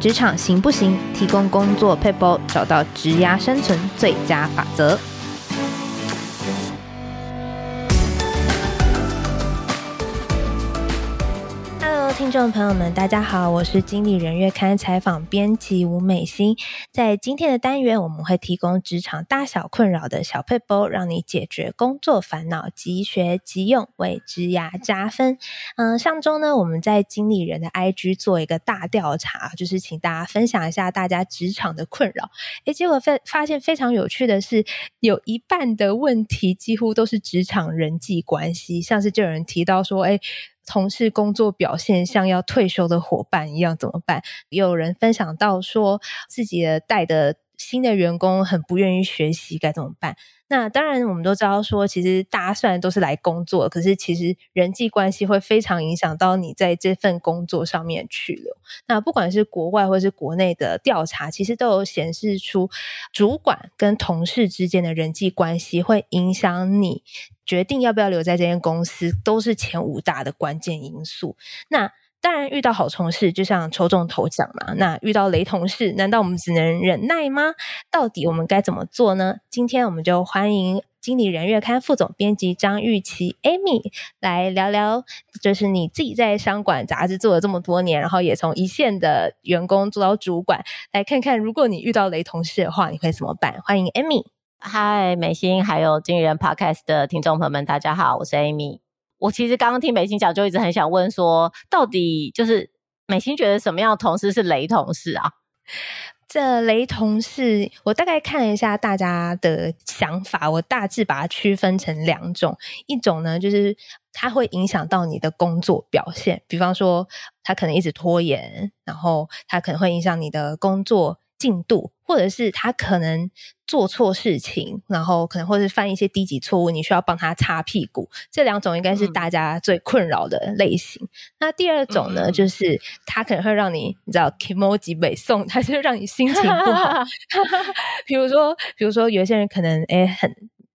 職場行不行？提供工作撇步，找到職涯生存最佳法則。觀眾朋友們，大家好，我是《經理人月刊》採訪編輯吳美欣。在今天的單元，我們會提供職場大小困擾的小撇步，讓你解決工作煩惱，即學即用，為職涯加分。嗯、呃，上周呢，我們在《經理人》的 IG 做一個大調查，就是請大家分享一下大家職場的困擾。哎，結果發發現非常有趣的是，有一半的問題幾乎都是職場人際關係，像是就有人提到說，哎。同事工作表現像要退休的夥伴一樣怎麼辦？有人分享到說，自己的帶的新的員工很不願意學習，該怎麼辦？那當然，我們都知道說，其實大家雖然都是來工作，可是其實人際關係會非常影響到你在這份工作上面去留。那不管是國外或是國內的調查，其實都有顯示出，主管跟同事之間的人際關係會影響你，決定要不要留在這間公司，都是前五大的關鍵因素。那當然遇到好同事就像抽中頭獎嘛。那遇到雷同事，難道我們只能忍耐嗎？到底我們該怎麼做呢？今天我們就歡迎《經理人月刊》副總編輯張玉琦 Amy 來聊聊，就是你自己在商管雜誌做了這麼多年，然後也從一線的員工做到主管，來看看如果你遇到雷同事的話，你會怎麼辦？歡迎 Amy。嗨，Hi, 美欣，還有經理人 Podcast 的聽眾朋友們，大家好，我是 Amy。我其實剛剛聽美欣講，就一直很想問說，到底就是美欣覺得什麼樣的同事是雷同事啊？這雷同事，我大概看了一下大家的想法，我大致把它區分成兩種。一種呢，就是它會影響到你的工作表現，比方說他可能一直拖延，然後他可能會影響你的工作。進度，或者是他可能做錯事情，然後可能或者是犯一些低級錯誤，你需要幫他擦屁股。這兩種應該是大家最困擾的類型。嗯、那第二種呢，嗯、就是他可能會讓你，你知道 kimoji 背他就讓你心情不好。 比如說，比如說，有些人可能哎、欸、很，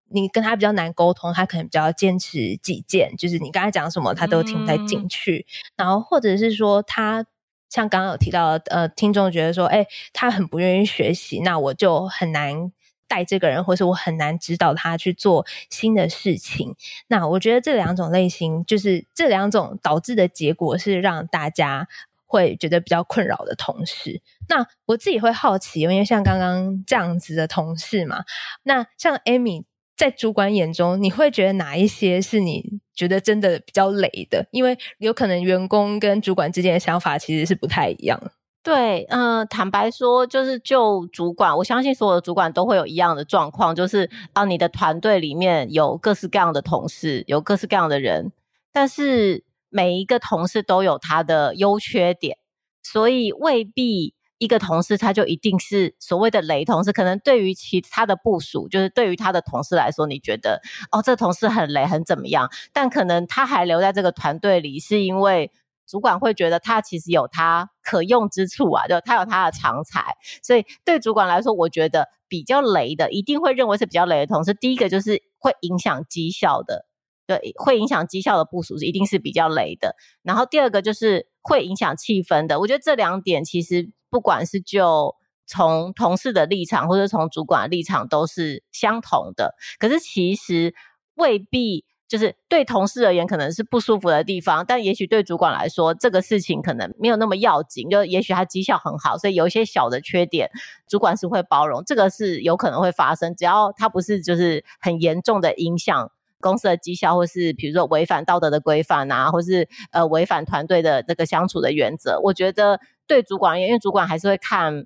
你跟他比較難溝通，他可能比較堅持己見，就是你剛才講什麼他都聽不太進去。嗯、然後或者是說他。像剛剛有提到，呃，聽眾覺得說，誒，欸，他很不願意學習，那我就很難帶這個人，或是我很難指導他去做新的事情。那我覺得這兩種類型，就是這兩種導致的結果，是讓大家會覺得比較困擾的同事。那我自己會好奇，因為像剛剛這樣子的同事嘛，那像 Amy。在主管眼中，你會覺得哪一些是你覺得真的比較累的？因為有可能員工跟主管之間的想法其實是不太一樣。對，嗯、呃，坦白說，就是就主管，我相信所有的主管都會有一樣的狀況，就是啊，你的團隊裡面有各式各樣的同事，有各式各樣的人，但是每一個同事都有他的優缺點，所以未必。一個同事，他就一定是所謂的雷同事，可能對於其他的部屬，就是對於他的同事來說，你覺得哦，這同事很雷，很怎麼樣？但可能他還留在這個團隊裡，是因為主管會覺得他其實有他可用之處啊，就他有他的長才。所以對主管來說，我覺得比較雷的，一定會認為是比較雷的同事。第一個就是會影響績效的，對，會影響績效的部屬是一定是比較雷的。然後第二個就是會影響氣氛的。我覺得這兩點其實。不管是就從同事的立場，或者從主管的立場，都是相同的。可是其實未必，就是對同事而言可能是不舒服的地方，但也許對主管來說，這個事情可能沒有那麼要緊。就也許他績效很好，所以有一些小的缺點，主管是會包容。這個是有可能會發生，只要他不是就是很嚴重的影響，公司的績效，或是比如說違反道德的規範啊，或是呃違反團隊的這個相處的原則，我覺得對主管而言，因為主管還是會看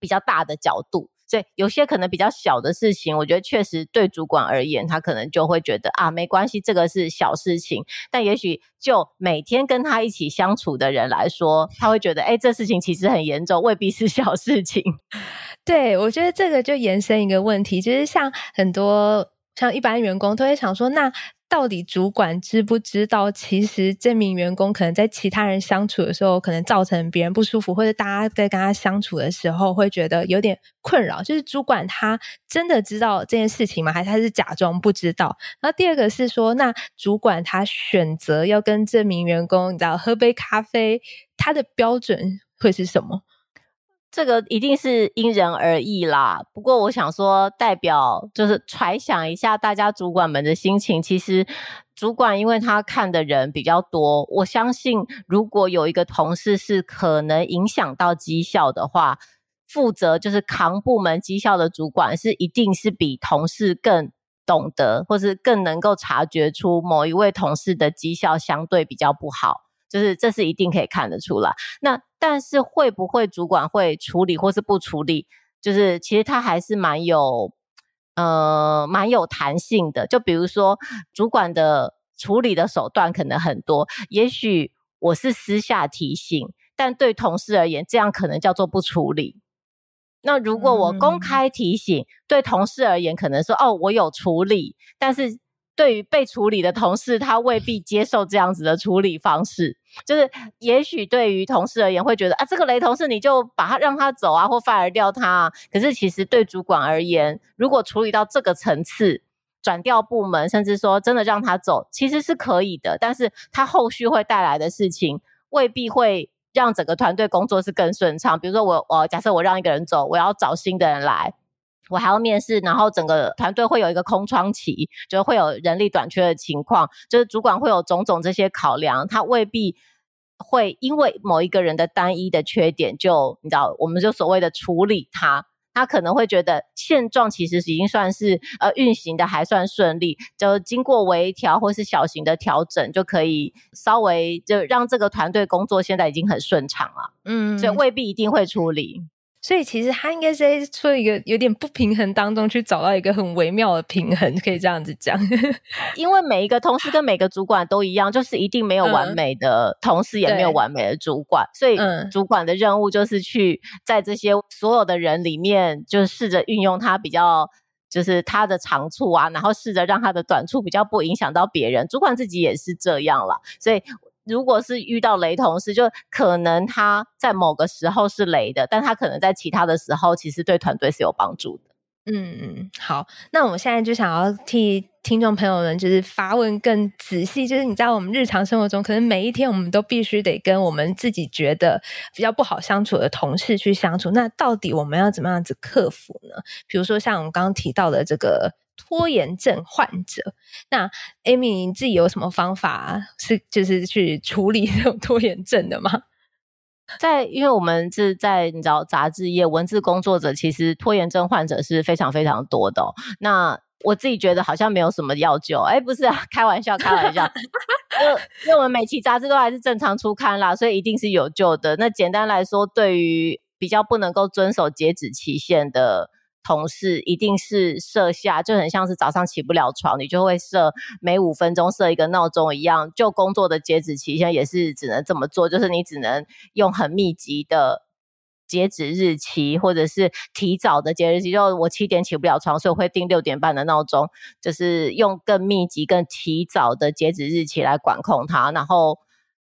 比較大的角度，所以有些可能比較小的事情，我覺得確實對主管而言，他可能就會覺得啊，沒關係，這個是小事情。但也許就每天跟他一起相處的人來說，他會覺得，哎、欸，這事情其實很嚴重，未必是小事情。對，我覺得這個就延伸一個問題，就是像很多。像一般員工都會想說，那到底主管知不知道？其實這名員工可能在其他人相處的時候，可能造成別人不舒服，或者大家在跟他相處的時候會覺得有點困擾。就是主管他真的知道這件事情嗎？還是他是假裝不知道？然後第二個是說，那主管他選擇要跟這名員工，你知道喝杯咖啡，他的標準會是什麼？這個一定是因人而異啦。不過我想說，代表就是揣想一下大家主管們的心情。其實，主管因為他看的人比較多，我相信如果有一個同事是可能影響到績效的話，負責就是扛部門績效的主管是一定是比同事更懂得，或是更能夠察覺出某一位同事的績效相對比較不好，就是這是一定可以看得出來。那。但是會不會主管會處理或是不處理？就是其實他還是蠻有，呃，蠻有彈性的。就比如說，主管的處理的手段可能很多，也許我是私下提醒，但對同事而言，這樣可能叫做不處理。那如果我公開提醒，嗯。對同事而言，可能說哦，我有處理，但是。對於被處理的同事，他未必接受這樣子的處理方式。就是，也許對於同事而言，會覺得啊，這個雷同事你就把他讓他走啊，或 fire 掉他啊。可是，其實對主管而言，如果處理到這個層次，轉調部門，甚至說真的讓他走，其實是可以的。但是，他後續會帶來的事情，未必會讓整個團隊工作是更順暢。比如說我，我，哦，假設我讓一個人走，我要找新的人來。我還要面試，然後整個團隊會有一個空窗期，就會有人力短缺的情況，就是主管會有種種這些考量，他未必會因為某一個人的單一的缺點就你知道，我們就所謂的處理他，他可能會覺得現狀其實已經算是呃運行的還算順利，就經過微調或是小型的調整就可以稍微就讓這個團隊工作現在已經很順暢了，嗯，所以未必一定會處理。所以其實他應該是從一個有點不平衡當中去找到一個很微妙的平衡，可以這樣子講。 因為每一個同事跟每個主管都一樣，就是一定沒有完美的、嗯、同事，也沒有完美的主管。對所以主管的任務就是去在這些所有的人裡面，就試着運用他比較就是他的長處啊，然後試着讓他的短處比較不影響到別人。主管自己也是這樣了，所以。如果是遇到雷同事，就可能他在某個時候是雷的，但他可能在其他的時候其實對團隊是有幫助的。嗯，好，那我們現在就想要替聽眾朋友們就是發問更仔細，就是你在我們日常生活中，可能每一天我們都必須得跟我們自己覺得比較不好相處的同事去相處，那到底我們要怎麼樣子克服呢？比如說像我們剛剛提到的這個。拖延症患者，那 Amy 你自己有什麼方法是就是去處理這種拖延症的嗎？在因為我們是在你知道雜誌業，文字工作者其實拖延症患者是非常非常多的喔。那我自己覺得好像沒有什麼藥救，哎、欸，不是啊，開玩笑，開玩笑。 呃、因為我們每期雜誌都還是正常出刊啦，所以一定是有救的。那簡單來說，對於比較不能夠遵守截止期限的。同事一定是設下，就很像是早上起不了床，你就會設每五分鐘設一個鬧鐘一樣。就工作的截止期限也是只能這麼做，就是你只能用很密集的截止日期，或者是提早的截止日期。就我七點起不了床，所以我會定六點半的鬧鐘，就是用更密集、更提早的截止日期來管控它。然後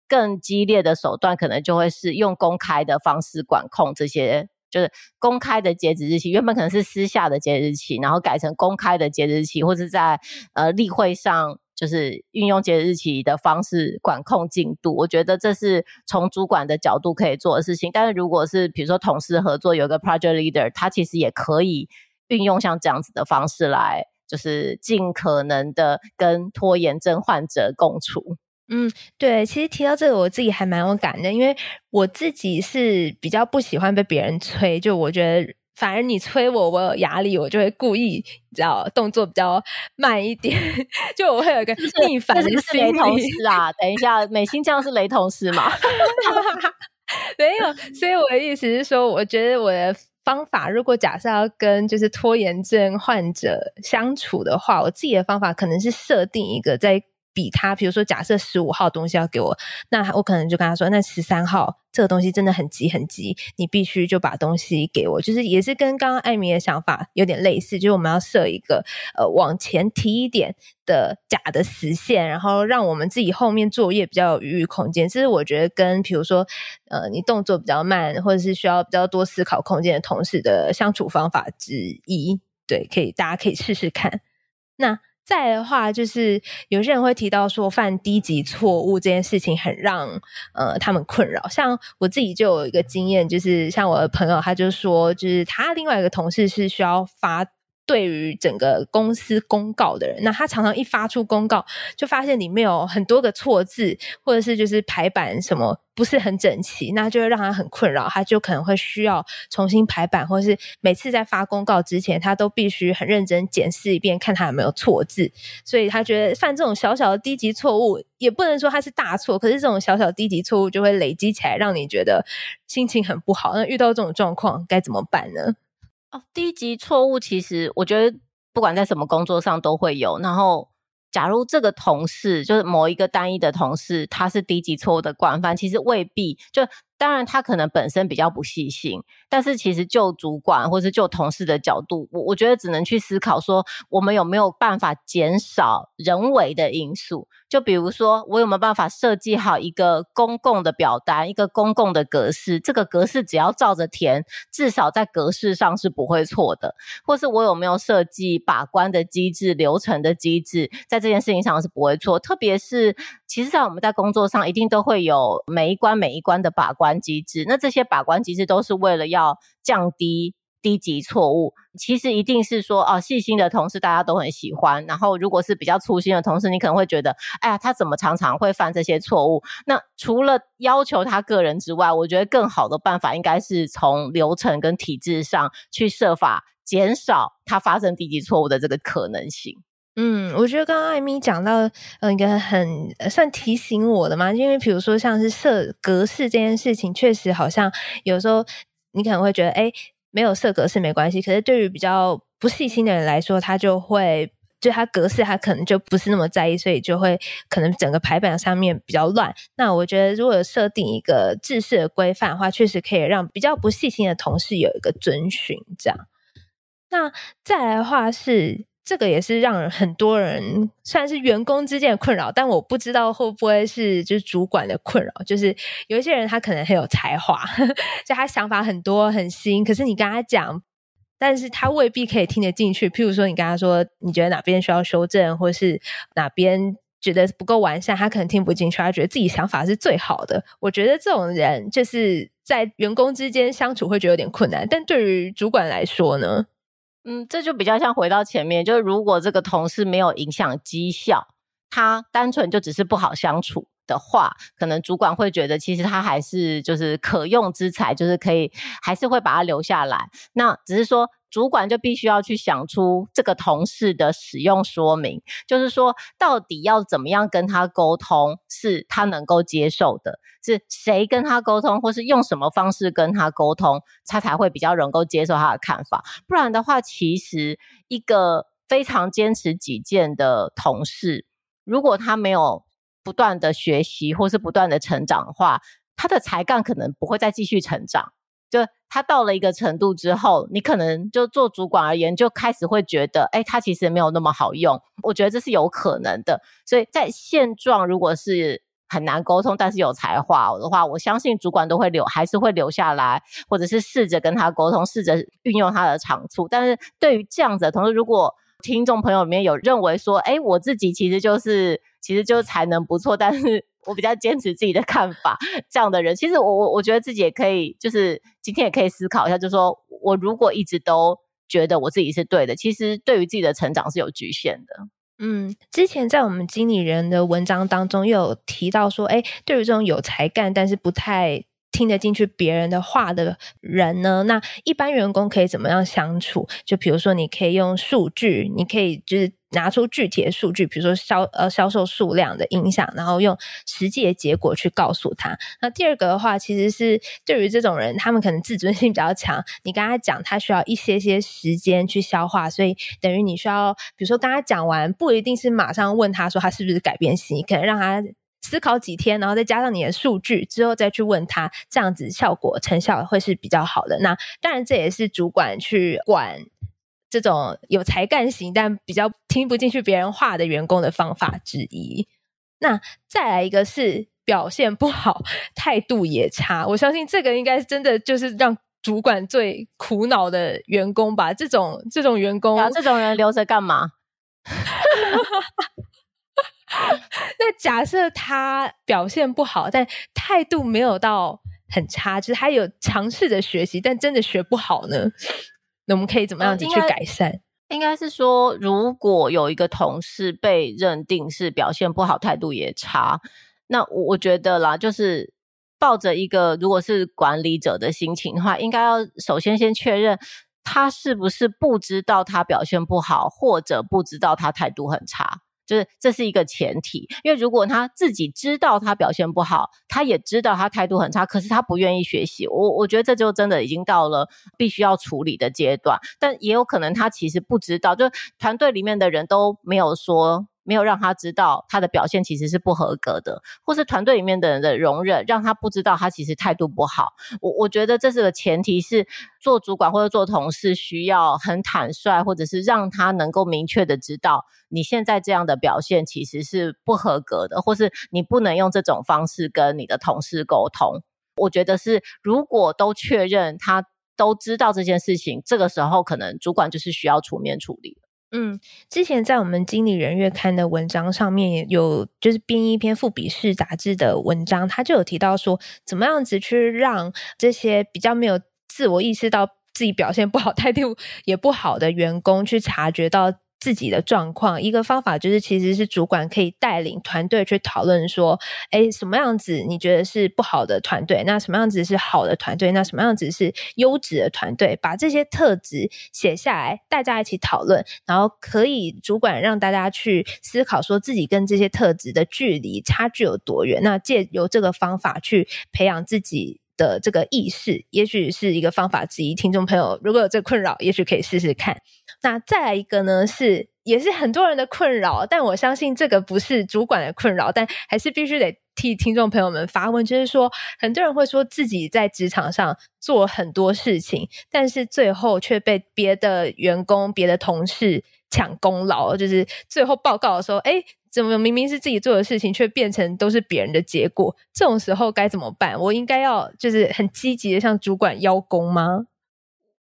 更激烈的手段，可能就會是用公開的方式管控這些。就是公開的截止日期，原本可能是私下的截止日期，然後改成公開的截止日期，或是在呃例會上，就是運用截止日期的方式管控進度。我覺得這是從主管的角度可以做的事情。但是如果是比如說同事合作，有個 project leader，他其實也可以運用像這樣子的方式來，就是盡可能的跟拖延症患者共處。嗯，對，其實提到這個，我自己還蠻有感的，因為我自己是比較不喜歡被別人催，就我覺得反而你催我，我有壓力，我就會故意你知道，動作比較慢一點。 就我會有一個逆反的心理。是是雷同事啊， 等一下，美欣這樣是雷同事嗎？ 沒有，所以我的意思是說，我覺得我的方法，如果假設要跟就是拖延症患者相處的話，我自己的方法可能是設定一個在。比他，比如說，假設十五號東西要給我，那我可能就跟他說：“那十三號這個東西真的很急，很急，你必須就把東西給我。”就是也是跟剛剛艾米的想法有點類似，就是我們要設一個呃往前提一點的假的時限，然後讓我們自己後面作業比較有餘裕空間。這是我覺得跟比如說呃你動作比較慢，或者是需要比較多思考空間的同事的相處方法之一。對，可以，大家可以試試看。那。再的話，就是有些人會提到說犯低級錯誤這件事情很讓呃他們困擾。像我自己就有一個經驗，就是像我的朋友，他就說，就是他另外一個同事是需要發。對於整個公司公告的人，那他常常一發出公告，就發現裡面有很多個錯字，或者是就是排版什麼不是很整齊，那就會讓他很困擾，他就可能會需要重新排版，或者是每次在發公告之前，他都必須很認真檢視一遍，看他有沒有錯字。所以他覺得犯這種小小的低級錯誤，也不能說他是大錯，可是這種小小的低級錯誤就會累積起來，讓你覺得心情很不好。那遇到這種狀況，該怎麼辦呢？哦，低級錯誤其實我覺得不管在什麼工作上都會有。然後，假如這個同事就是某一個單一的同事，他是低級錯誤的慣犯，其實未必就。當然，他可能本身比較不細心，但是其實就主管或是就同事的角度，我我覺得只能去思考說，我們有沒有辦法減少人為的因素？就比如說，我有沒有辦法設計好一個公共的表單，一個公共的格式？這個格式只要照着填，至少在格式上是不會錯的。或是我有沒有設計把關的機制、流程的機制，在這件事情上是不會錯。特別是，其實，在我們在工作上一定都會有每一關每一關的把關。機制，那這些把關機制都是為了要降低低級錯誤。其實一定是說，哦、啊，細心的同事大家都很喜歡。然後，如果是比較粗心的同事，你可能會覺得，哎呀，他怎麼常常會犯這些錯誤？那除了要求他個人之外，我覺得更好的辦法應該是從流程跟體制上去設法減少他發生低級錯誤的這個可能性。嗯，我覺得剛剛艾米講到，嗯，一個很算提醒我的嘛，因為比如說像是設格式這件事情，確實好像有時候你可能會覺得，哎、欸，沒有設格式沒關係。可是對於比較不細心的人來說，他就會就他格式，他可能就不是那麼在意，所以就會可能整個排版上面比較亂。那我覺得如果設定一個制式的規範的話，確實可以讓比較不細心的同事有一個遵循。這樣，那再來的話是。這個也是讓很多人，雖然是員工之間的困擾，但我不知道會不會是就是主管的困擾。就是有一些人他可能很有才華，就他想法很多很新，可是你跟他講，但是他未必可以聽得進去。譬如說你跟他說你覺得哪邊需要修正，或是哪邊覺得不夠完善，他可能聽不進去，他覺得自己想法是最好的。我覺得這種人就是在員工之間相處會覺得有點困難，但對於主管來說呢？嗯，這就比較像回到前面，就是如果這個同事沒有影響績效，他單純就只是不好相處的話，可能主管會覺得其實他還是就是可用之才，就是可以，還是會把他留下來。那只是說，主管就必須要去想出這個同事的使用說明，就是說到底要怎麼樣跟他溝通是他能夠接受的，是誰跟他溝通，或是用什麼方式跟他溝通，他才會比較能夠接受他的看法。不然的話，其實一個非常堅持己見的同事，如果他沒有不斷的學習或是不斷的成長的話，他的才幹可能不會再繼續成長。就他到了一個程度之後，你可能就做主管而言，就開始會覺得，哎、欸，他其實沒有那麼好用。我覺得這是有可能的。所以在現狀如果是很難溝通，但是有才華的話，我相信主管都會留，還是會留下來，或者是試着跟他溝通，試着運用他的長處。但是對於這樣子的同事，如果聽眾朋友裡面有認為說，哎、欸，我自己其實就是，其實就是才能不錯，但是。我比較堅持自己的看法，這樣的人其實我我我覺得自己也可以，就是今天也可以思考一下，就是說我如果一直都覺得我自己是對的,其實對於自己的成長是有局限的。嗯，之前在我們經理人的文章當中又有提到說，哎，對於這種有才幹但是不太聽得進去別人的話的人呢，那一般員工可以怎麼樣相處？就比如說，你可以用數據，你可以就是。拿出具體的數據，比如說銷呃銷售數量的影響，然後用實際的結果去告訴他。那第二個的話，其實是對於這種人，他們可能自尊心比較強，你跟他講，他需要一些些時間去消化，所以等於你需要，比如說剛剛講完，不一定是馬上問他說他是不是改變心，你可能讓他思考幾天，然後再加上你的數據之後再去問他，這樣子效果成效會是比較好的。那當然，這也是主管去管。這種有才幹型但比較聽不進去別人話的員工的方法之一。那再來一個是表現不好，態度也差。我相信這個應該是真的，就是讓主管最苦惱的員工吧。這種這種員工，然後這種人留着幹嘛？ 那假設他表現不好，但態度沒有到很差，就是他有嘗試着學習，但真的學不好呢？那我們可以怎麼樣子去改善？應該，應該是說，如果有一個同事被認定是表現不好、態度也差，那我我覺得啦，就是抱着一個如果是管理者的心情的話，應該要首先先確認他是不是不知道他表現不好，或者不知道他態度很差。就是這是一個前提，因為如果他自己知道他表現不好，他也知道他態度很差，可是他不願意學習，我我覺得這就真的已經到了必須要處理的階段。但也有可能他其實不知道，就是團隊裡面的人都沒有說。沒有讓他知道他的表現其實是不合格的，或是團隊裡面的人的容忍，讓他不知道他其實態度不好。我我覺得這是個前提，是做主管或者做同事需要很坦率，或者是讓他能夠明確的知道你現在這樣的表現其實是不合格的，或是你不能用這種方式跟你的同事溝通。我覺得是如果都確認他都知道這件事情，這個時候可能主管就是需要出面處理。嗯，之前在我們經理人月刊的文章上面有，有就是編一篇富比士雜誌的文章，他就有提到說，怎麼樣子去讓這些比較沒有自我意識到自己表現不好、態度也不好的員工去察覺到。自己的狀況，一個方法就是，其實是主管可以帶領團隊去討論說，誒，什麼樣子你覺得是不好的團隊？那什麼樣子是好的團隊？那什麼樣子是優質的團隊？把這些特質寫下來，大家一起討論，然後可以主管讓大家去思考，說自己跟這些特質的距離差距有多遠？那借由這個方法去培養自己的這個意識，也許是一個方法之一。聽眾朋友如果有這個困擾，也許可以試試看。那再來一個呢？是也是很多人的困擾，但我相信這個不是主管的困擾，但還是必須得替聽眾朋友們發問，就是說，很多人會說自己在職場上做很多事情，但是最後卻被別的員工、別的同事搶功勞，就是最後報告的時候，誒，怎麼明明是自己做的事情，卻變成都是別人的結果？這種時候該怎麼辦？我應該要就是很積極的向主管邀功嗎？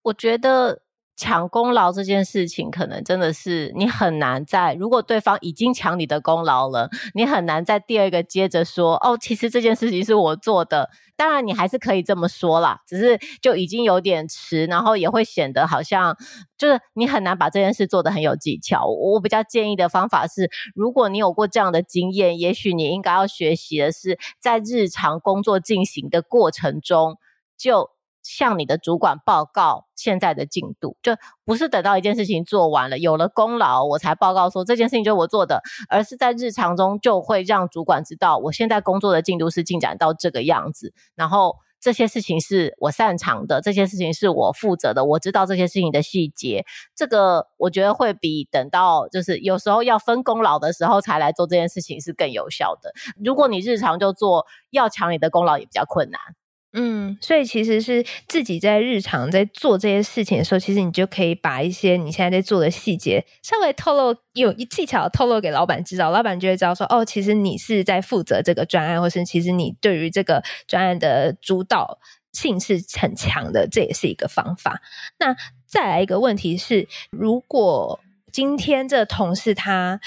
我覺得。搶功勞這件事情，可能真的是你很難在。如果對方已經搶你的功勞了，你很難在第二個接着說哦，其實這件事情是我做的。當然，你還是可以這麼說啦，只是就已經有點遲，然後也會顯得好像就是你很難把這件事做得很有技巧。我比較建議的方法是，如果你有過這樣的經驗，也許你應該要學習的是，在日常工作進行的過程中就。向你的主管報告現在的進度，就不是等到一件事情做完了，有了功勞我才報告說這件事情就是我做的，而是在日常中就會讓主管知道我現在工作的進度是進展到這個樣子，然後這些事情是我擅長的，這些事情是我負責的，我知道這些事情的細節。這個我覺得會比等到就是有時候要分功勞的時候才來做這件事情是更有效的。如果你日常就做，要搶你的功勞也比較困難。嗯，所以其實是自己在日常在做這些事情的時候，其實你就可以把一些你現在在做的細節稍微透露，有一技巧透露給老闆知道，老闆就會知道說哦，其實你是在負責這個專案，或是其實你對於這個專案的主導性是很強的，這也是一個方法。那再來一個問題是，如果今天這同事他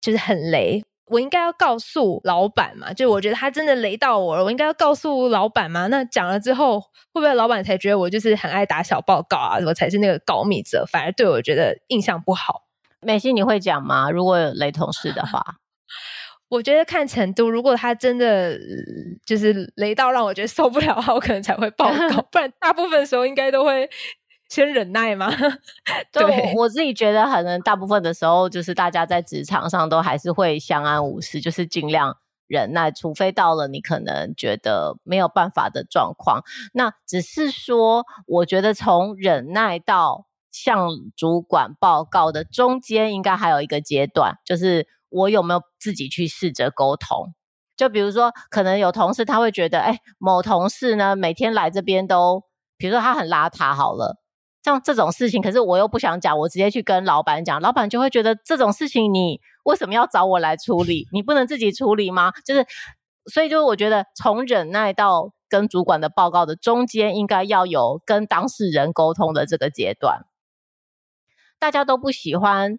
就是很雷。我應該要告訴老闆嘛？就我覺得他真的雷到我了，我應該要告訴老闆嘛，那講了之後，會不會老闆才覺得我就是很愛打小報告啊？我才是那個告密者，反而對我覺得印象不好。美欣，你會講嗎？如果雷同事的話， 我覺得看程度，如果他真的就是雷到讓我覺得受不了的話，我可能才會報告。 不然，大部分時候應該都會。先忍耐嗎？對， 我自己覺得可能大部分的時候，就是大家在職場上都還是會相安無事，就是盡量忍耐，除非到了你可能覺得沒有辦法的狀況。那只是說，我覺得從忍耐到向主管報告的中間，應該還有一個階段，就是我有沒有自己去試着溝通。就比如說，可能有同事他會覺得，欸，某同事呢，每天來這邊都，比如說他很邋遢好了。像這種事情，可是我又不想講，我直接去跟老板講，老板就會覺得這種事情你為什麼要找我來處理？你不能自己處理嗎？就是，所以就是我覺得從忍耐到跟主管的報告的中間，應該要有跟當事人溝通的這個階段，大家都不喜歡。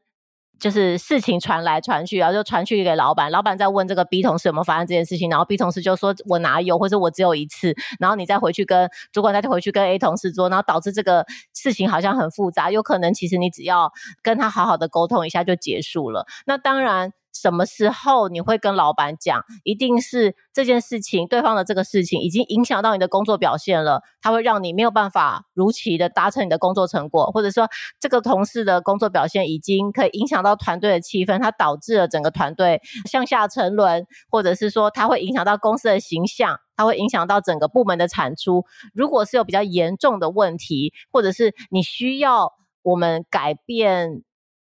就是事情傳來傳去，然後就傳去給老闆，老闆再問這個 B 同事有沒有發生這件事情，然後 B 同事就說我哪有，或者我只有一次，然後你再回去跟主管，那就回去跟 A 同事說，然後導致這個事情好像很複雜，有可能其實你只要跟他好好的溝通一下就結束了。那當然。什麼時候你會跟老板講？一定是這件事情，對方的這個事情已經影響到你的工作表現了。它會讓你沒有辦法如期的達成你的工作成果，或者說這個同事的工作表現已經可以影響到團隊的氣氛，它導致了整個團隊向下沉淪，或者是說它會影響到公司的形象，它會影響到整個部門的產出。如果是有比較嚴重的問題，或者是你需要我們改變。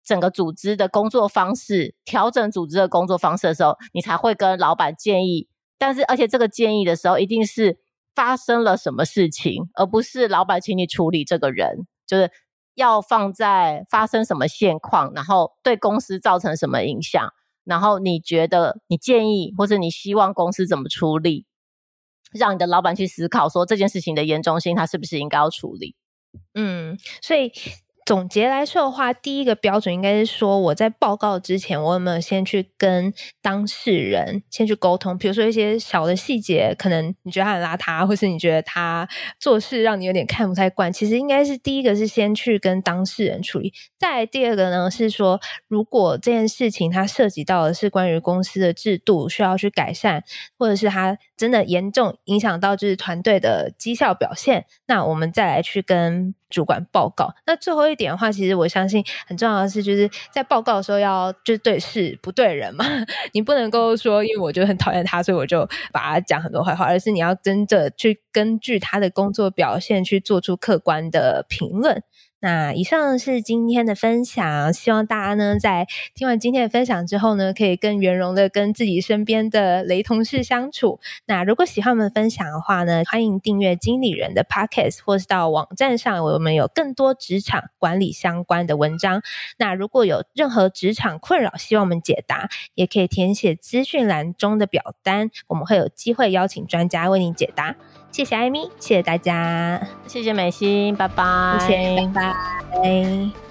整個組織的工作方式，調整組織的工作方式的時候，你才會跟老板建議。但是，而且這個建議的時候，一定是發生了什麼事情，而不是老板請你處理這個人，就是要放在發生什麼現況，然後對公司造成什麼影響，然後你覺得你建議或者你希望公司怎麼處理，讓你的老板去思考說，這件事情的嚴重性，他是不是應該要處理？嗯，所以。總結來說的話，第一個標準應該是說，我在報告之前，我有沒有先去跟當事人先去溝通？比如說一些小的細節，可能你覺得他很邋遢，或是你覺得他做事讓你有點看不太慣，其實應該是第一個是先去跟當事人處理。再來第二個呢，是說如果這件事情它涉及到的是關於公司的制度需要去改善，或者是它真的嚴重影響到就是團隊的績效表現，那我們再來去跟。主管報告，那最後一點的話，其實我相信很重要的是，就是在報告的時候要就是對事不對人嘛，你不能夠說，因為我就很討厭他，所以我就把他講很多壞話，而是你要跟着去根據他的工作表現去做出客觀的評論。那以上是今天的分享，希望大家呢在聽完今天的分享之後呢，可以更圓融的跟自己身邊的雷同事相處。那如果喜歡我們的分享的話呢，歡迎訂閱經理人的 Podcast，或是到網站上，我們有更多職場管理相關的文章。那如果有任何職場困擾，希望我們解答，也可以填寫資訊欄中的表單，我們會有機會邀請專家為您解答。謝謝艾米，謝謝大家，謝謝美欣，拜拜，謝謝，拜拜。拜拜。